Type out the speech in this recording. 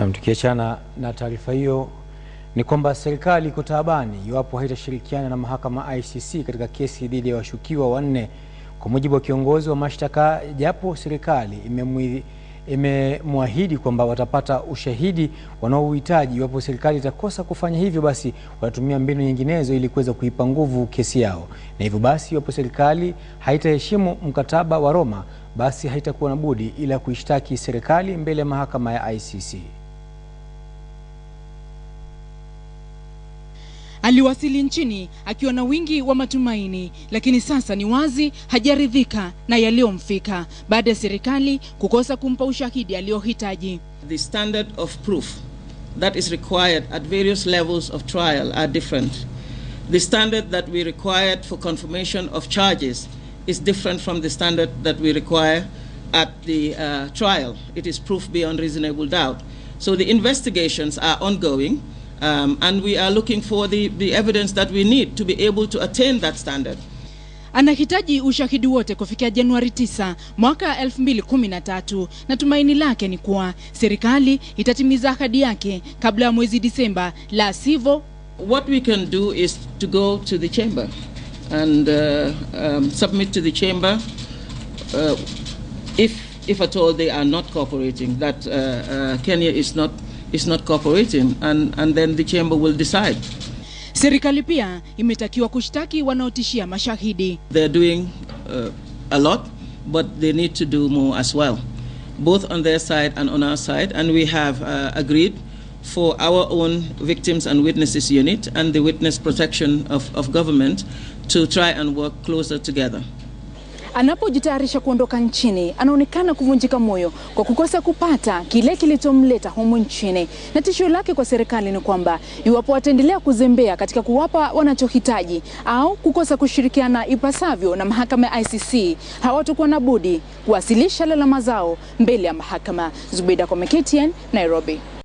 Naam, tukiachana na taarifa hiyo ni kwamba serikali iko taabani iwapo haitashirikiana na mahakama ICC katika kesi dhidi ya washukiwa wanne, kwa mujibu wa kiongozi wa mashtaka, japo serikali imemwahidi kwamba watapata ushahidi wanaouhitaji. Iwapo serikali itakosa kufanya hivyo, basi watatumia mbinu nyinginezo ili kuweza kuipa nguvu kesi yao, na hivyo basi, iwapo serikali haitaheshimu mkataba wa Roma, basi haitakuwa na budi ila kuishtaki serikali mbele ya mahakama ya ICC. Aliwasili nchini akiwa na wingi wa matumaini, lakini sasa ni wazi hajaridhika na yaliyomfika baada ya serikali kukosa kumpa ushahidi aliyohitaji. The standard of proof that is required at various levels of trial are different. The standard that we required for confirmation of charges is different from the standard that we require at the uh, trial. It is proof beyond reasonable doubt. So the investigations are ongoing. Um, and we are looking for the, the evidence that we need to be able to attain that standard. Anahitaji ushahidi wote kufikia Januari 9 mwaka 2013 na tumaini lake ni kuwa serikali itatimiza ahadi yake kabla ya mwezi Disemba, la sivyo. What we can do is to go to the chamber and uh, um, submit to the chamber uh, if, if at all they are not cooperating that uh, uh, Kenya is not is not cooperating and, and then the chamber will decide. Serikali pia imetakiwa kushtaki wanaotishia mashahidi. They are doing uh, a lot but they need to do more as well both on their side and on our side and we have uh, agreed for our own victims and witnesses unit and the witness protection of, of government to try and work closer together. Anapojitayarisha kuondoka nchini, anaonekana kuvunjika moyo kwa kukosa kupata kile kilichomleta humu nchini, na tishio lake kwa serikali ni kwamba iwapo wataendelea kuzembea katika kuwapa wanachohitaji au kukosa kushirikiana ipasavyo na mahakama ya ICC, hawatakuwa na budi kuwasilisha lalama zao mbele ya mahakama. Zubeda kwa KTN, Nairobi.